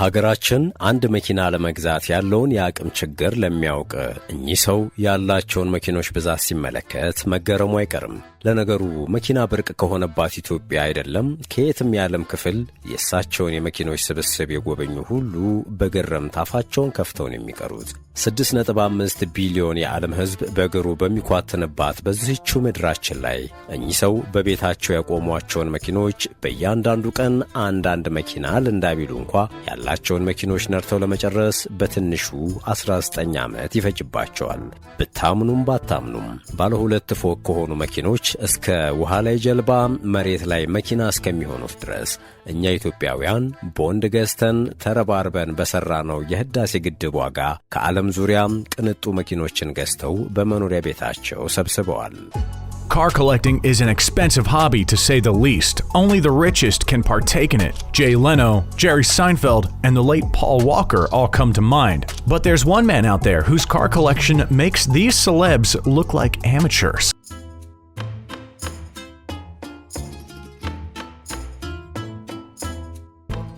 በሀገራችን አንድ መኪና ለመግዛት ያለውን የአቅም ችግር ለሚያውቅ እኚህ ሰው ያላቸውን መኪኖች ብዛት ሲመለከት መገረሙ አይቀርም። ለነገሩ መኪና ብርቅ ከሆነባት ኢትዮጵያ አይደለም ከየትም የዓለም ክፍል የእሳቸውን የመኪኖች ስብስብ የጎበኙ ሁሉ በግርምት አፋቸውን ከፍተውን የሚቀሩት 6.5 ቢሊዮን የዓለም ሕዝብ በእግሩ በሚኳትንባት በዚህችው ምድራችን ላይ እኚህ ሰው በቤታቸው ያቆሟቸውን መኪኖች በእያንዳንዱ ቀን አንዳንድ መኪና ልንዳቢሉ እንኳ ያላ ያላቸውን መኪኖች ነድተው ለመጨረስ በትንሹ 19 ዓመት ይፈጅባቸዋል። ብታምኑም ባታምኑም ባለ ሁለት ፎቅ ከሆኑ መኪኖች እስከ ውሃ ላይ ጀልባ፣ መሬት ላይ መኪና እስከሚሆኑት ድረስ እኛ ኢትዮጵያውያን ቦንድ ገዝተን ተረባርበን በሠራነው የህዳሴ ግድብ ዋጋ ከዓለም ዙሪያም ቅንጡ መኪኖችን ገዝተው በመኖሪያ ቤታቸው ሰብስበዋል። Car collecting is an expensive hobby to say the least. Only the richest can partake in it. Jay Leno, Jerry Seinfeld, and the late Paul Walker all come to mind. But there's one man out there whose car collection makes these celebs look like amateurs.